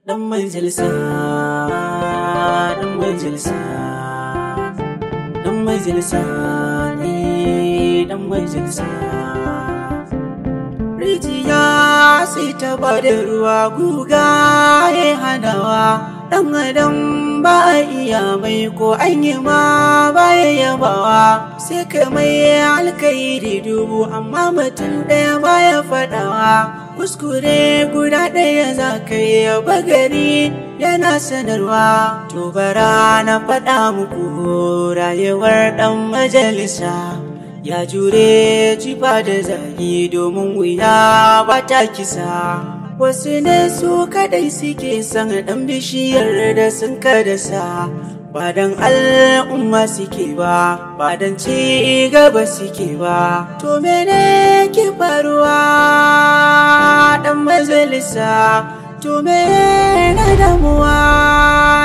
dan majalisa dan majalisa dan majalisa ne dan majalisa rijiya sai ta ba da ruwa guga ya hanawa dan adam ba a iya mai ko an yi ma ya yabawa sai ka mai alkairi dubu amma mutum ɗaya ya faɗawa kuskure guda ɗaya za ka yi bagari yana sanarwa to bara na faɗa muku rayuwar ɗan majalisa ya jure jifa da zagi domin wuya ba ta kisa wasu ne su kadai suke san ɗan bishiyar da sun kadasa ba dan al'umma suke ba ba dan ci gaba suke ba to mene ke faruwa dan majalisa to mene damuwa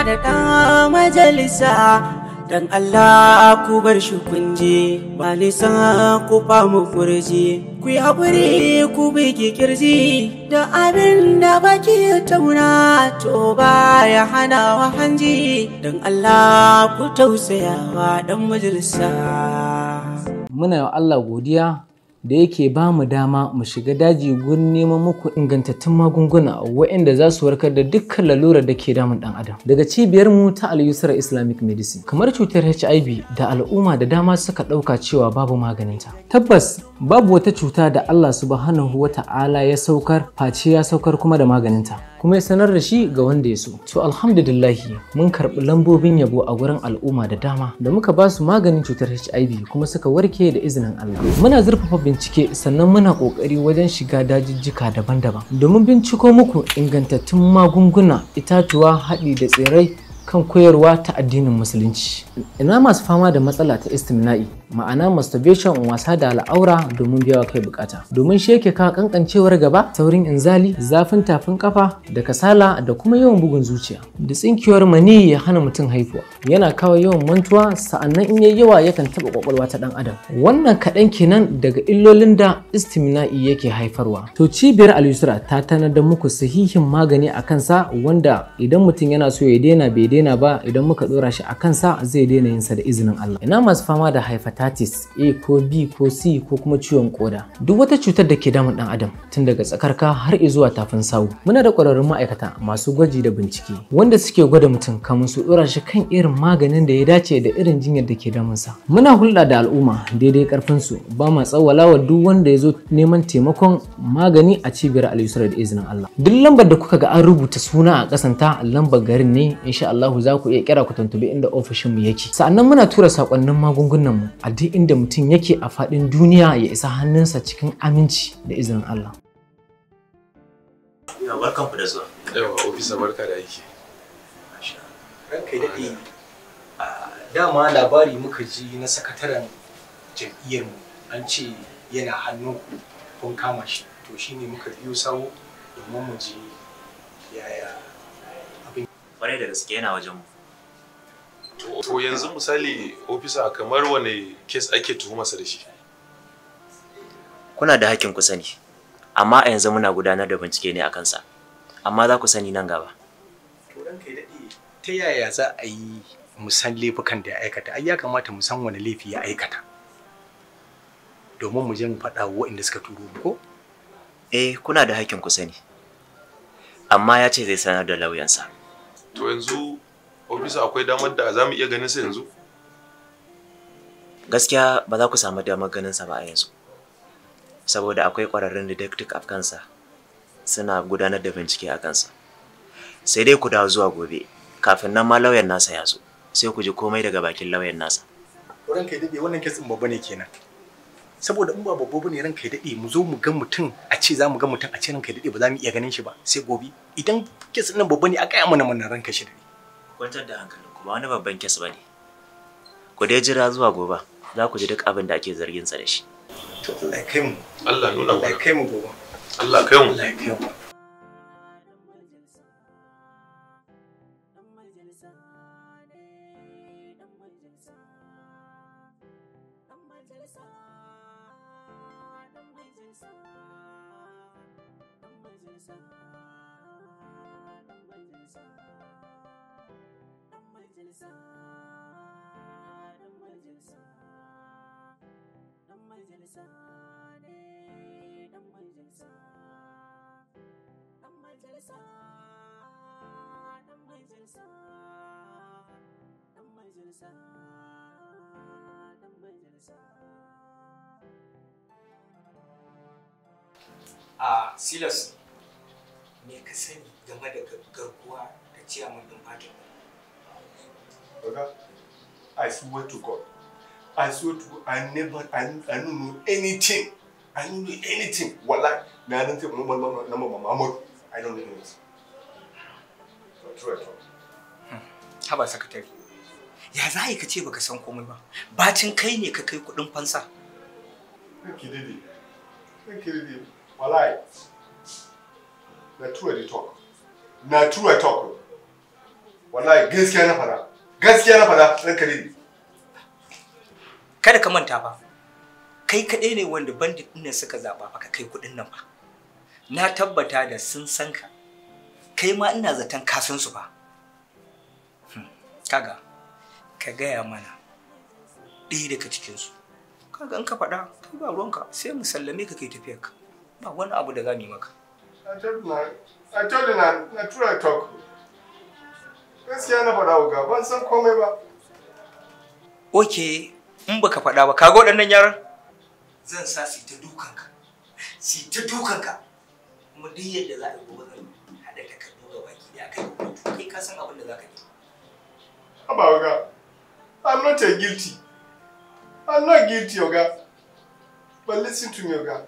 da dan majalisa Dan Allah ku bar shi kunje, ba nisa ku famu furje. Ku yi haƙuri ku ki kirji, da abin da baki tauna to ba ya hana wa hanji. Dan Allah ku tausaya wa ɗan majalisa. Muna Allah godiya da yake ba mu dama mu shiga daji gurin neman muku ingantattun magunguna waɗanda za su warkar da dukkan lalurar da ke damun ɗan adam daga cibiyar mu ta al islamic medicine kamar cutar hiv da al'umma da dama suka ɗauka cewa babu maganinta tabbas babu wata cuta da Allah subhanahu wa ta'ala ya saukar face ya saukar kuma da maganinta kuma ya sanar da shi ga wanda ya so to alhamdulillahi mun karɓi lambobin yabo a gurin al'umma da dama da muka ba su maganin cutar HIV kuma suka warke da izinin Allah muna zurfafa bincike sannan muna ƙoƙari wajen shiga dajijjika daban-daban domin binciko muku ingantattun magunguna itatuwa haɗi da tsirai kan koyarwa ta addinin musulunci. Ina masu fama da matsala ta istimna'i ma'ana masturbation wasa da al'aura domin biyawa kai bukata. Domin sheke yake kawo kankancewar gaba, saurin inzali, zafin tafin kafa da kasala da kuma yawan bugun zuciya. Da tsinkiyar mani ya hana mutum haifuwa. Yana kawo yawan mantuwa sa'annan in yayi yawa yakan taba kwakwalwa ta dan adam. Wannan kaɗan kenan daga illolin da istimna'i yake haifarwa. To cibiyar al ta tanar da muku sahihin magani a kansa wanda idan mutum yana so ya daina bai daina ba idan muka dora shi a kansa zai daina yinsa da izinin Allah ina masu fama da hepatitis A ko B ko C ko kuma ciwon koda duk wata cutar da ke damun dan adam tun daga tsakar ka har zuwa tafin sawu muna da kwararrun ma'aikata masu gwaji da bincike wanda suke gwada mutum kamun su dora shi kan irin maganin da ya dace da irin jinyar da ke sa muna hulɗa da al'umma daidai karfin su ba ma tsawala wa duk wanda ya zo neman taimakon magani a cibiyar alusra da izinin Allah duk lambar da kuka ga an rubuta suna a kasanta lambar garin ne insha Allah Allah za ku iya kira ku tuntubi inda ofishin mu yake sa'annan muna tura sakonnin magungunan mu a duk inda mutum yake a faɗin duniya ya isa hannunsa cikin aminci da izinin Allah barkan ku da zuwa yawa ofisa barka da aiki ranka dama labari muka ji na sakataren jam'iyyar mu an ce yana hannu kun kama shi to shine muka biyo sawo domin mu ji yaya kwarai da gaske yana wajen mu to yanzu misali ofisa kamar wani kes ake sa da shi kuna da hakkin ku sani amma a yanzu muna gudanar da bincike ne a kansa amma za ku sani nan gaba to dan kai dade ta yaya za a yi mu san laifukan da ya aikata ai ya kamata mu san wani laifi ya aikata domin mu je mu faɗa wa waɗanda suka turo mu ko eh kuna da hakkin ku sani amma ya ce zai sanar da lauyansa to yanzu ofisa akwai damar da za mu iya ganin sa yanzu gaskiya ba za ku samu damar ganin sa ba a yanzu saboda akwai ƙwararrun detective a kansa suna gudanar da bincike a kansa sai dai ku dawo zuwa gobe kafin nan ma lauyan nasa ya zo sai ku ji komai daga bakin lauyan nasa. Wurin kai daɗe wannan kesin babba ne kenan. saboda in ba babba bane ranka ya dade mu zo mu ga mutum a ce za mu ga mutum a ce ranka ya dade ba za mu iya ganin shi ba sai gobe idan kes din babba ne a yi amana mana ranka shi dade kwantar da hankali, kuma wani babban kes bane ku dai jira zuwa gobe za ku ji duk abin da ake zargin sa da shi to Allah ya kai mu Allah nuna mu ya kai mu gobe Allah ya kai mu Allah ya kai mu majalisa a silas me ka sani game da garkuwa da ciyaman din fatan Oga, I swear to God, I swear to God, I never, I, I don't know anything. I don't know anything. I don't dan I don't know anything. Hmm. Haba secretary. Ya za ka ce baka san komai ba? Bacin kai ne ka kai kudin fansa. Na true at talk. Na true at talk. gaskiya na fada Gaskiya na fara ranka kada ka manta ba kai kaɗai ne wanda bandit ɗin suka zaba fa kai kuɗin nan ba na tabbata da sun san ka kai ma ina zaton ka san su ba hmm, kaga ka gaya mana ɗaya daga su kaga in ka faɗa kai ba ruwanka sai mu sallame ka kai tafiyarka ba wani abu da za mu yi maka I told na I you na na tura talk gaskiya na faɗa ga ban san komai ba okay in baka faɗa ba kaga waɗannan yaran zan sa su ta dukan ka su ta dukan ka kuma duk yadda za a yi gobe zan haɗa takardu ga baki da aka yi kotu kai ka san abin da za ka yi haba oga i'm not a guilty i'm not guilty oga but listen to me oga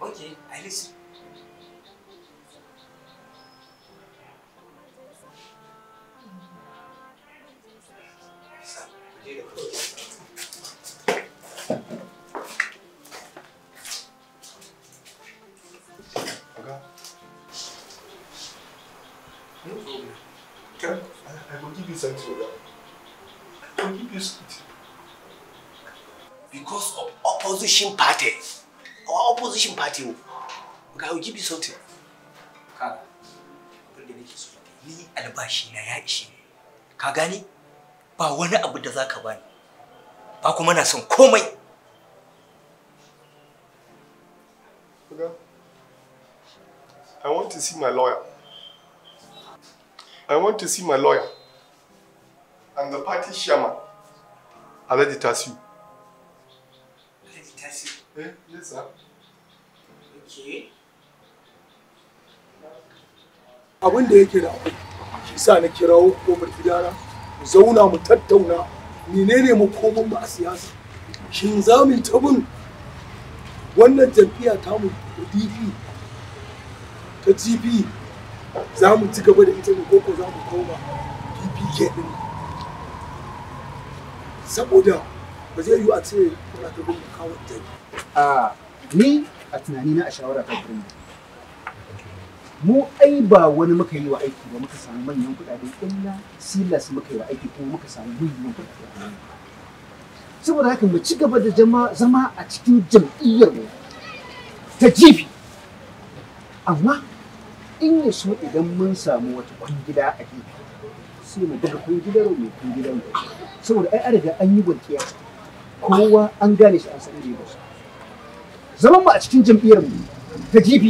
okay i listen that you. Okay, I will give you something. Kaga, abin da nake so ni albashi na ya ishe ni. Ka gani? Ba wani abu da zaka bani. Ba kuma na son komai. Kaga, I want to see my lawyer. I want to see my lawyer and the party chairman. Let it Alhaji you? Eh, yes sir. abin da yake da akwai shi sa na kirawo ko gidana mu zauna mu tattauna menene mu koman ba a siyasa shin za mu ta wannan jam'iyya ta mu dp ta gp za mu ci gaba da ita ne koko za mu koma ke din saboda ba zai yiwu a ce muna ta bin mu kawo ah, ni a tunani na a shawara ta gurin mu ai ba wani muka yi wa aiki ba muka samu manyan kuɗaɗe illa silas muka yi wa aiki kuma muka samu manyan kuɗaɗe saboda haka mu ci gaba da zama a cikin jam'iyyar mu ta jibi amma in ya so idan mun samu wata kwangila a gefe sai mu daga kwangilar mai mu saboda ai an riga an yi walƙiya kowa an gane shi an san da ya zaman mu a cikin jam'iyyar mu ta GP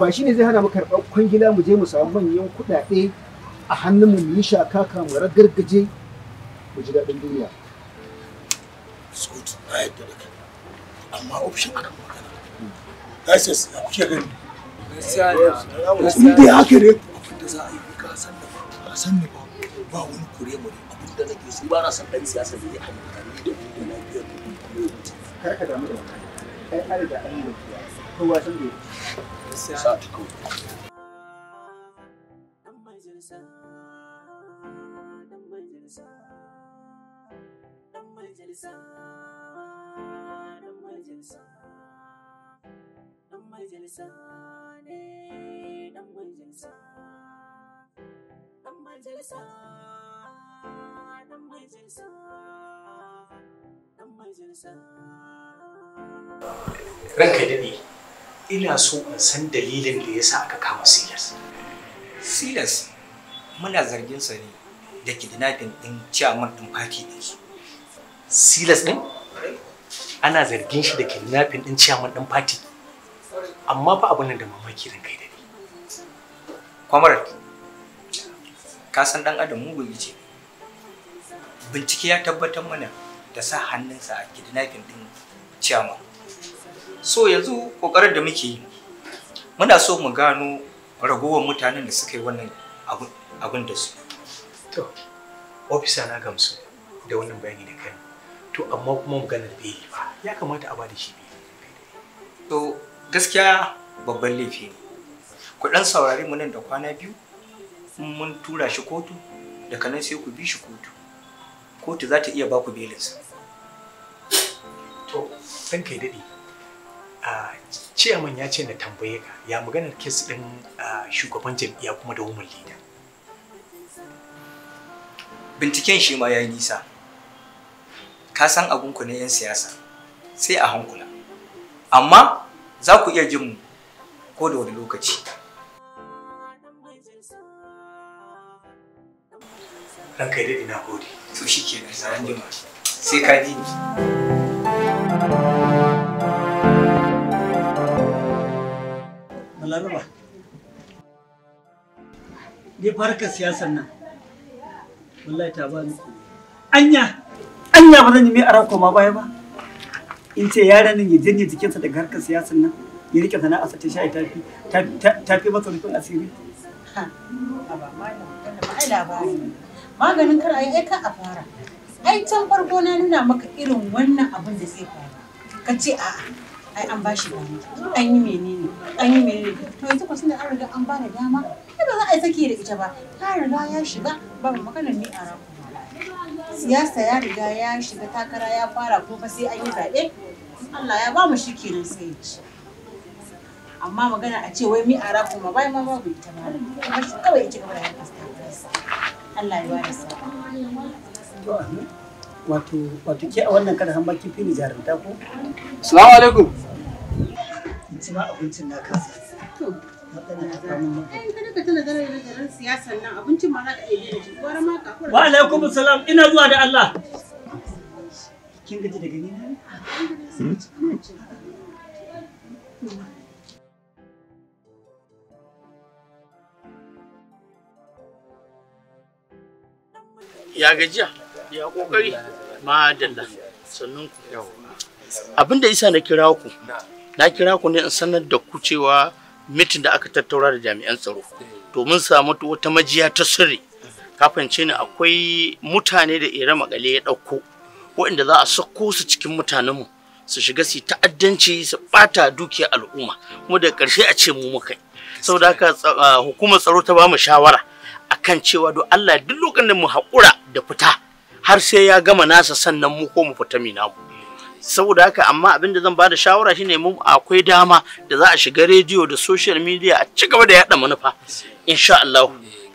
ba shine zai hana mu karɓar kwangila mu je mu samu manyan kuɗaɗe a hannun mu yi shaka mu ragargaje mu ji daɗin duniya. Sukutu na yadda da kai amma option aka magana. License na kuke gani. Gaskiya da haka ne. Abin da za a yi ka san da ba ka san da ba ba wani kure mu ne abin da nake so ba na san ɗan siyasa da ya amince da da lafiyar da kuma mutum. Kar ka damu da wannan. kai an riga an yi kowa san da Dan majalisa, dan majalisa, dan majalisa. ranka daɗe ina so in san dalilin da yasa aka kama silas silas muna zargin sa ne da kidnapping din chairman din party din su silas din ana zargin shi da kidnapping din chairman din party amma fa abin da mamaki ranka daɗe Kwamar ka san dan adam mugun ce bincike ya tabbatar mana da sa hannunsa a kidnapping din ciyama so yanzu kokarin da muke yi muna so mu gano ragowar mutanen da suka yi wannan abin da su to ofisa na gamsu da wannan bayani da kai to amma kuma maganar bai yi ba ya kamata a ba da shi bai to gaskiya babban laifi ne ku saurari mu nan da kwana biyu mun tura shi kotu daga nan sai ku bi shi kotu kotu za ta iya ba ku belinsa To, ɗan kai a Ciyaman ya ce na tambaye ka ya maganar kes ɗin shugaban jam'iyya kuma da woman leader. Binciken shi ma ya yi nisa. Ka san abinku na 'yan siyasa sai a hankula. Amma za ku iya jin mu ko da wani lokaci. Ranka daɗi na gode. To shi ke sai ka ji ni. ne farkar siyasar nan, wallahi ta ba ni Anya, anya ba zan yi mai aran koma baya ba. In ce yaran nan ya janye jikinsa daga harkar siyasar nan, ya rike sana'arsa ta shayi ta fi masa rufin asiri. Ha, ba ma labari. Maganin kar a yi a fara. Ai can farko na nuna maka irin wannan abin da zai faru. ka ce a ai an bashi dama an yi menene an yi menene to yanzu ko tunda an riga an bada dama ai ba za a yi saki da ita ba ta riga ya shiga babu magana ne a raku siyasa ya riga ya shiga takara ya fara ko fa sai an yi zaɓe Allah ya ba mu shi kenan sai ya ci amma magana a ce wai mi a raku ma bai ma ba. ita ma kuma shi kawai ya ci gaba da yin Allah ya ba da sa'a wato wato ke a wannan kada han baki fini jarumta ko assalamu alaikum kuma abincin na kasa wa alaikum salam ina zuwa da Allah kin gaji daga ni ya gajiya ya kokari sannan ku abin da isa na kira ku na kira ku ne in sanar da ku cewa mitin da aka tattaura da jami'an tsaro domin samu wata majiya ta sirri kafin ce ni akwai mutane da ira makale ya ɗauko waɗanda za a sako su cikin mutanenmu su shiga su ta'addanci su bata dukiyar al'umma kuma da ƙarshe a ce mu muka saboda haka hukumar tsaro ta bamu shawara akan cewa do Allah duk lokacin da mu haƙura da fita har sai ya gama nasa sannan mu ko mu fita mina mu saboda haka amma abin da zan bada shawara shine mu akwai dama da za a shiga rediyo da social media a ci gaba da yada manufa insha eh, Allah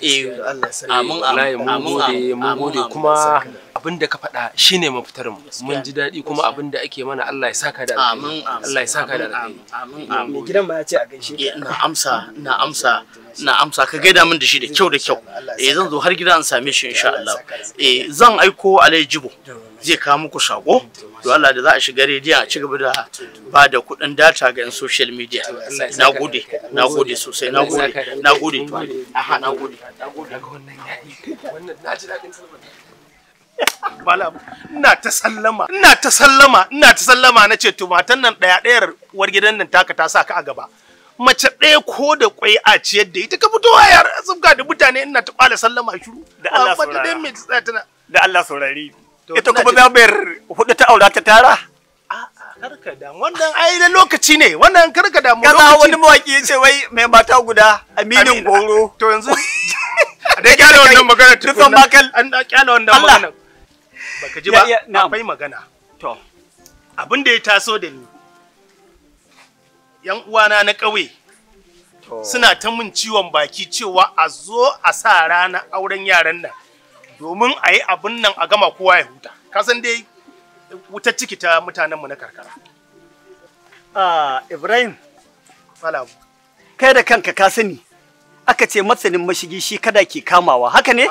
eh Allah amin amin amin kuma abin da ka faɗa shine mafitar mu mun ji daɗi kuma abin da ake mana Allah ya saka da alheri Allah ya saka da alheri amin amin gidan ba ya ce a gaishe eh, na amsa na amsa na amsa ka gaida min da shi da kyau da kyau eh zan zo har gida an same shi insha Allah eh zan aiko alai jibo zai kawo muku sako to Allah da za a shiga rediyo a cigaba da ba da kuɗin data ga yan social media na gode na gode sosai na gode na gode to aha na gode na gode ga wannan yayi wannan na ji daɗin salman malam ina ta sallama ina ta sallama ina ta sallama na ce tumatan nan ɗaya ɗayar war gidan nan taka ta sa ka a gaba mace ɗaya ko da kwai a ciyar da ita ka fito a yar zubga da mutane ina ta kwala sallama shiru da Allah saurari da Allah saurari ita kuma zabar hudu ta aura ta tara karka da wannan ai da lokaci ne wannan karka da lokaci wani mawaki ya ce wai mai mata guda aminin goro to yanzu da kyale wannan magana tukun an kyale wannan magana baka ji ba akwai magana to abin da ya taso da ni yan uwana na ƙauye suna ta min ciwon baki cewa a zo a sa rana auren yaran nan domin a yi abin nan a gama kowa ya huta kasan dai wutar ciki ta mutanenmu na karkara ah, ibrahim kai da kanka ka sani aka ce masanin mashigi shi kada ke kamawa haka ne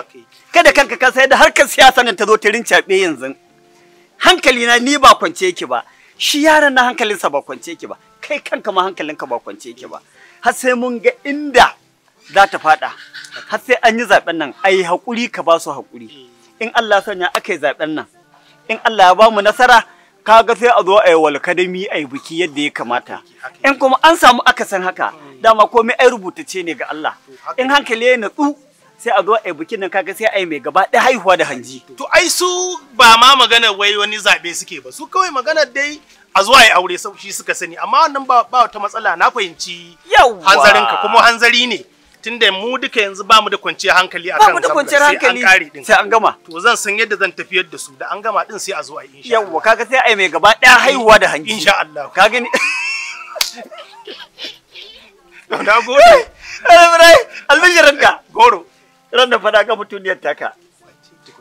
kada kanka ka sayar da harkar siyasa nan ta zo ta rincaɓe yanzu hankali na ni ba kwance yake ba shi yaran na hankalinsa ba kwance yake ba kai kanka ma hankalinka ba kwance yake ba har sai mun ga inda za ta fada har sai an yi zaben nan ai hakuri ka ba su hakuri mm. in Allah sanya aka yi zaben nan in Allah ya ba mu nasara kaga sai a zo a yi walkadami a yi biki yadda ya kamata in kuma an samu akasin haka dama komai ai ce ne ga Allah in hankali ya natsu sai a zo a yi bikin nan kaga sai a yi mai gaba ɗaya haihuwa da hanji to ai su ba ma magana wai wani zaɓe suke ba su kawai magana dai a zuwa yi aure shi suka sani amma wannan ba wata matsala na fahimci hanzarinka kuma hanzari ne tunda mu duka yanzu ba mu da kwanciyar hankali akan ba mu da kwanciyar hankali sai an gama to zan san yadda zan tafiyar da su da an gama din sai a zo a yi insha Allah yawa kaga sai ai mai gaba daya haihuwa da hanki insha Allah ka gani na gode albirai ka goro ran da fada ga mutuniyar taka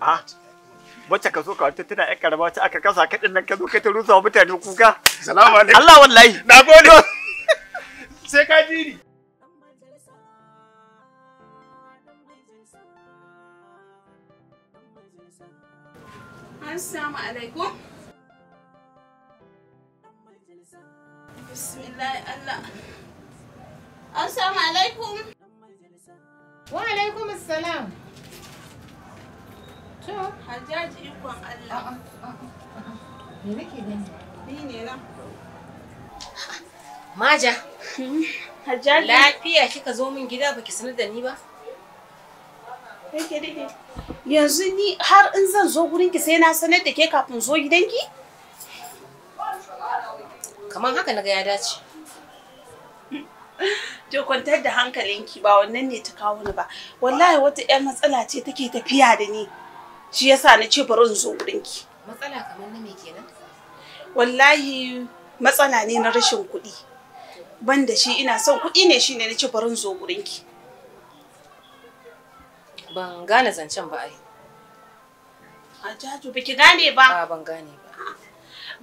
a ah. wacce ka zo ka wata tana yan karama wacce aka kasa kaɗin nan ka zo ka ta rusa mutane kuka salamu alaikum Allah wallahi na gode sai ka jiri Assalamu alaikum. Bismillah Allah. Assalamu alaikum. Wa alaikum assalam. To, Hajjaji ikon Allah. Me nake gani? Ni ne Maja. Hmm, Hajjaji. Lafiya kika zo min gida baki sanar da ni ba? yanzu ni har in zan zo gurin ki sai na sanar da ke kafin zo gidanki? Kaman haka na ga ya dace. To kwantar da hankalinki ba wannan ne ta kawo ni ba. Wallahi wata 'yan matsala ce take tafiya da ni. Shi yasa na ce bari in zo gurinki. Matsala kamar na me kenan? Wallahi matsala ne na rashin kuɗi. Ban da shi ina son kuɗi ne shine na ce bari in zo gurinki. ban gane zancen ba ai. A jajo biki gane ba? A ban gane ba.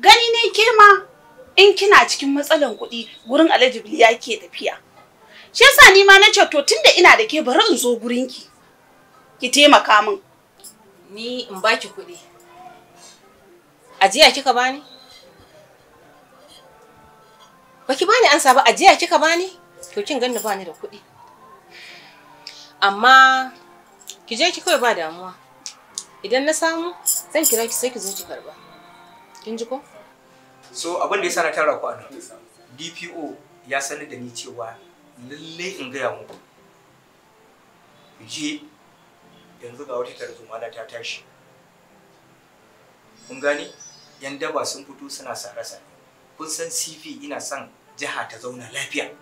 Gani ne ke ma in kina cikin matsalan kuɗi gurin Alhaji Biliya ke tafiya. Shi yasa ni ma na to tunda ina da ke bari in zo gurin ki. Ki taimaka min. Ni in baki kuɗi. Ajiya kika bani? Baki bani ansa ba ajiya kika bani? To kin ganni bani da kuɗi. Amma ki je ki kawai ba damuwa. idan na samu zan kira ki sai ki zo ki karba kin ji ko so abin da yasa na tara ku anan DPO ya sani da ni cewa lalle in gaya muku je yanzu ga wata tarzoma ta tashi kun gane yan daba sun fito suna sare-sare kun san cv ina son jiha ta zauna lafiya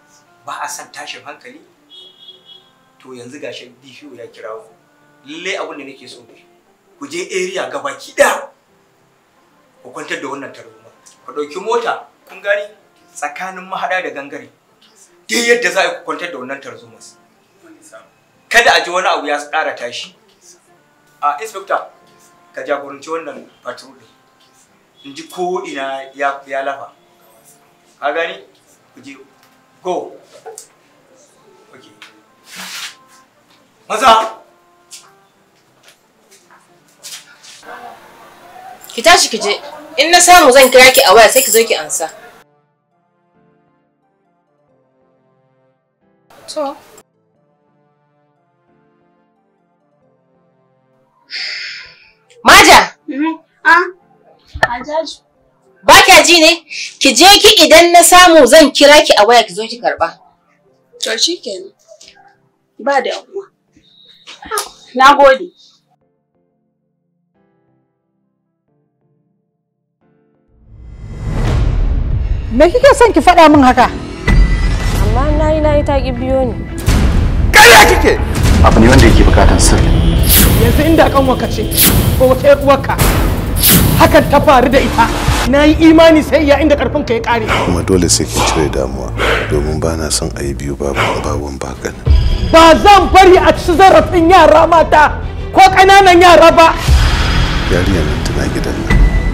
ba a son tashin hankali to yanzu gashi DPO ya kira ku lallai abin da nake so ne ku je area gaba ɗaya ku kwantar da wannan tarzoma ku ɗauki mota kun gani tsakanin mahaɗa da gangare duk yadda za a ku kwantar da wannan tarzoma. kada a ji wani abu ya ƙara tashi a inspector ka jagoranci wannan patrol din in ji ko ina ya lafa ka gani ku je go okay maza ki tashi ki je in na samu zan kira ki a waya sai ki zo ki ansa to Maja! Mm-hmm. Ah, Hajaju. Ba kya ji ne? Ki je ki idan na samu zan kira ki a waya ki zo ki karba. To shikenan. Ba da ah, Na gode. Me kike son ki faɗa min haka? Amma na yi na yi ta ki biyo ni. ya kike! Abu ne wanda yake bukatan sirri. Yanzu inda kan waka ce ko wata ƴar uwarka hakan ta faru da ita na yi imani sai ya inda karfin ka ya kare. Kuma dole sai kin cire damuwa domin ba na son a yi biyu babu babun bakan. Ba zan bari a ci zarafin yara mata ko ƙananan yara ba. Yariya nan tana gidan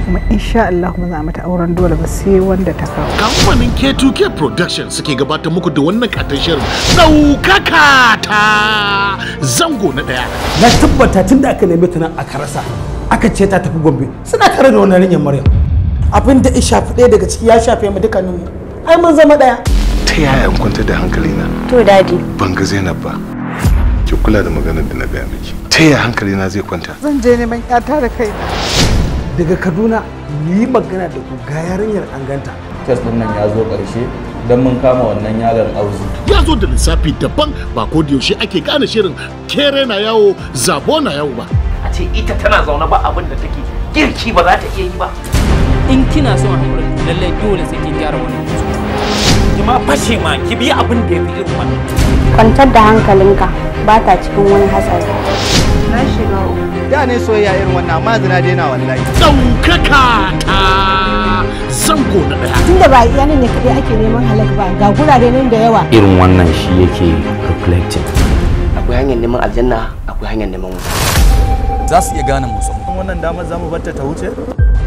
kuma insha Allah kuma za a mata auren dole ba sai wanda ta kawo kamfanin K2K Production suke gabatar muku da wannan katon shirin daukaka ta zango na daya na tabbata tun da aka neme ta nan aka rasa aka ce ta tafi Gombe suna tare da wannan rinyar Maryam abin da ya shafi ɗaya daga ciki ya shafe mu mu. ai mun zama ɗaya ta yaya in kwanta da hankalina to dadi ban ga Zainab ba ki kula da maganar da na gaya miki ta yaya hankalina zai kwanta zan je neman ƴata da kai daga kaduna ni yi magana da ku ga yarinyar an ganta kes din nan ya zo ƙarshe don mun kama wannan yaron auzu ya zo da lissafi daban ba ko da yaushe ake gane shirin kere na yawo zabo na yawo ba a ce ita tana zaune ba abin da take girki ba za ta iya yi ba in kina son hamurin lallai dole sai kin gyara wannan ki ma fashe ma ki bi abin da ya fi irin wannan kwantar da hankalinka ba ta cikin wani hatsari Na shiga uku. Da ne soyayya irin wannan amma zina daina wallahi. Ɗaukaka ta zango na daya Tunda ba iya nan ne kaɗai ake neman halak ba ga gurare nan da yawa. Irin wannan shi yake reflecting. Akwai hanyar neman aljanna akwai hanyar neman wuta. Za su iya gane musu. Wannan damar za mu ta wuce?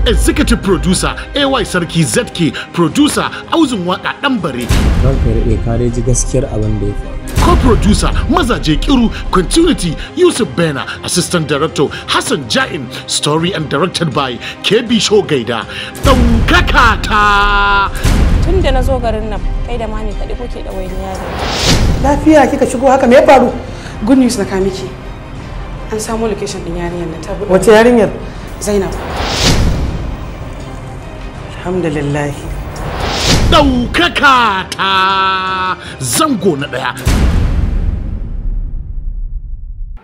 executive producer ay sarki zk producer auzun waka dan bare ranka ya kare ji gaskiyar abin da ya co-producer Mazaje Kiru, continuity Yusuf Bena, assistant director Hassan Jain, story and directed by KB Shogaida. Ɗaukaka ta! Tun da na zo garin nan, kai da mami kaɗai kuke da wani yaro. Lafiya kika shigo haka me ya faru? Good news na kamiki. An samu location ɗin yarinyar na ta Wace yarinyar? Zainab. Alhamdulillah. ɗaukaka ta zango na ɗaya.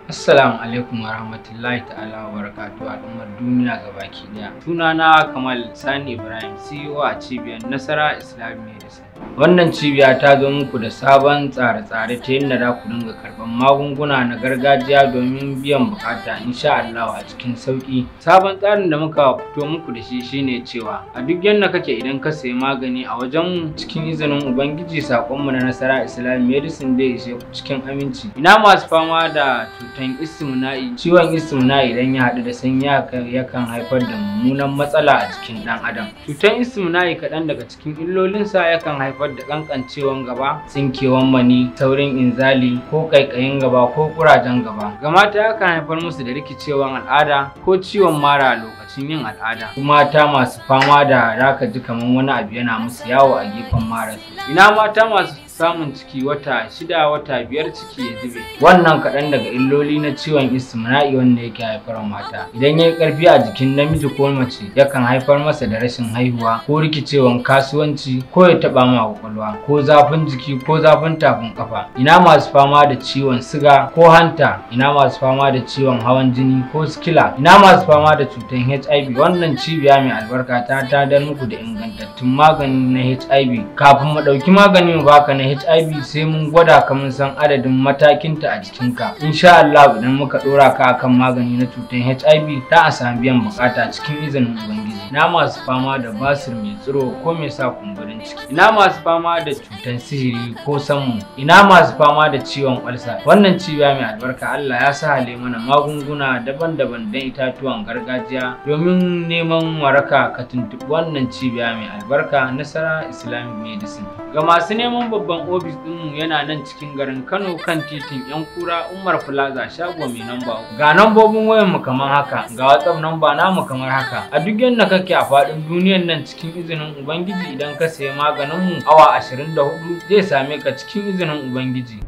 Assalamu alaikum wa rahmatullahi ta'ala wa barakatu al'ummar duniya ga baki daya. Sunana Kamal Sani Ibrahim, CEO a cibiyar Nasara Islamiyyar Wannan cibiya ta zo muku da sabon tsare-tsare ta yin da ku dinga karban magunguna na gargajiya domin biyan bukata insha Allah a cikin sauki Sabon tsarin da muka fito muku da shi shine cewa a duk yadda kake idan ka sayi magani a wajen cikin izinin Ubangiji saƙonmu na Nasara Islam Medicine zai ishe ku cikin aminci. Ina masu fama da cutan istimna'i ciwon istimna'i idan ya haɗu da sanyi yakan haifar da mummunan matsala a jikin ɗan adam. Cutan istimna'i kaɗan daga cikin illolinsa yakan haifar haifar da kankancewan gaba tsinkewan mani taurin inzali ko kaikayin gaba ko kurajen gaba ga mata haka haifar musu da rikicewan al'ada ko ciwon mara a lokacin yin al'ada mata masu fama da raka ji kamar wani abu yana musu yawo a gefen mara. ina mata masu samun ciki wata shida wata biyar ciki ya zube wannan kaɗan daga illoli na ciwon istimna'i wanda yake haifar mata idan ya yi ƙarfi a jikin namiji ko mace yakan haifar masa da rashin haihuwa ko rikicewan kasuwanci ko ya taɓa ma kwakwalwa ko zafin jiki ko zafin tafin kafa ina masu fama da ciwon siga ko hanta ina masu fama da ciwon hawan jini ko sikila ina masu fama da cutar hiv wannan cibiya mai albarka ta tadar muku da ingantattun magani na hiv kafin mu ɗauki maganin baka na HIV sai mun gwada ka mun san adadin matakinta a jikinka. Insha Allah idan muka dora ka akan magani na cutar HIV ta a sami biyan bukata cikin izinin Ubangiji. Na masu fama da basir mai tsiro ko mai sa kumburin ciki. Ina masu fama da cutar sihiri ko sanmu Ina masu fama da ciwon kwalsa. Wannan cibiya mai albarka Allah ya sa hale mana magunguna daban-daban don itatuwan gargajiya domin neman waraka ka tuntubi wannan cibiya mai albarka nasara Islamic Medicine. Ga masu neman babban babban ofis mu yana nan cikin garin Kano kan titin yan kura Umar Plaza shago mai namba Ga nambobin wayan mu kamar haka, ga WhatsApp namba namu kamar haka. A duk yadda kake a faɗin duniyar nan cikin izinin Ubangiji idan ka sayi maganin mu awa 24 zai same ka cikin izinin Ubangiji.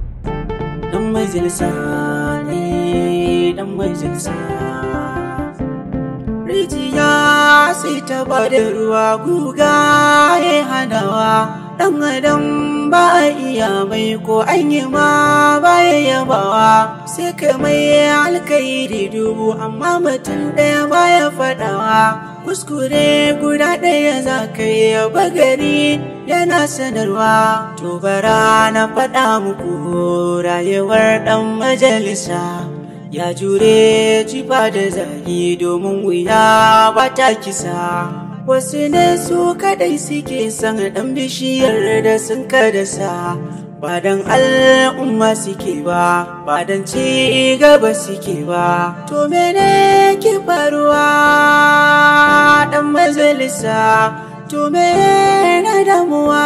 Dan ne, dan Rijiya sai ta bada ruwa guga ya hanawa. ɗan adam ba a iya mai ko an yi ma baya yabawa sai ka mai alkairi dubu amma mutum ɗaya baya faɗawa kuskure guda ɗaya za ka yi bagari yana sanarwa to bara na faɗa muku rayuwar ɗan majalisa ya jure jifa da zagi domin wuya ba ta kisa Wasu ne su kadai suke san ɗan bishiyar da sun kadasa, ba dan al'umma suke ba, ba dan ci gaba suke ba. To mene ke faruwa dan majalisa, to mene damuwa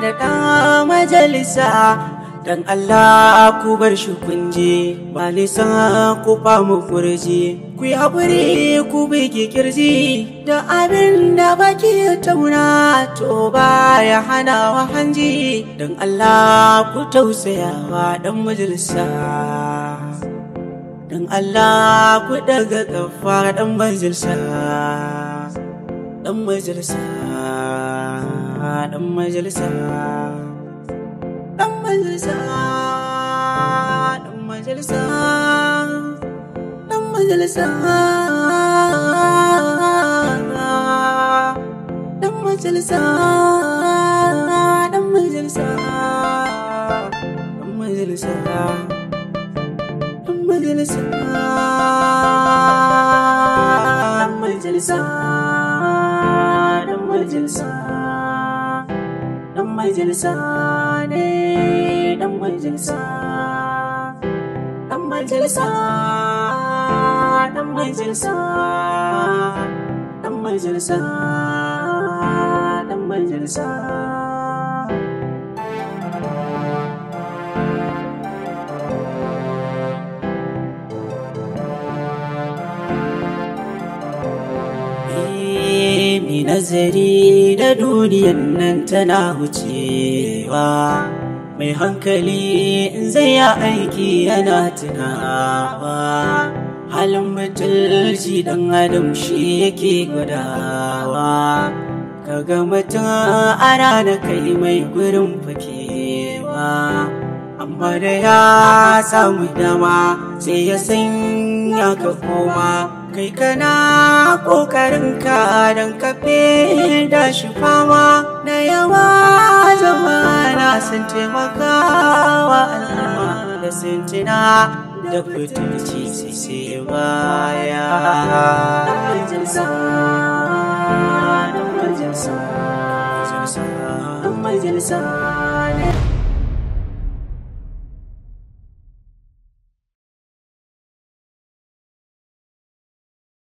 da ɗan majalisa. Dan Allah ku bar shi kunje, ba nisa ku famu furje. Ku yi haƙuri ku bi kirji, da abin da baki tauna to ba ya hana wa hanji. Dan Allah ku wa ɗan majalisa. Dan Allah ku daga ƙafa ɗan majalisa. Ɗan majalisa. Ɗan majalisa. Ɗan dan majalisa dan majalisa majalisa majalisa majalisa majalisa majalisa majalisa ne majalisa dan majalisa dan majalisa dan majalisa dan majalisa nazari da duniyar nan tana hucewa. mai hankali in zai ya aiki yana tunawa halin mutunci dan adam shi yake gudawa kaga mutum a rana kai mai gurin fakewa amma da ya samu dama sai ya sanya ka koma kai kana ƙoƙarin ka don kafe da shi fama yawa zamana sun taimaka wa al'umma da sintina da su sai baya majalisa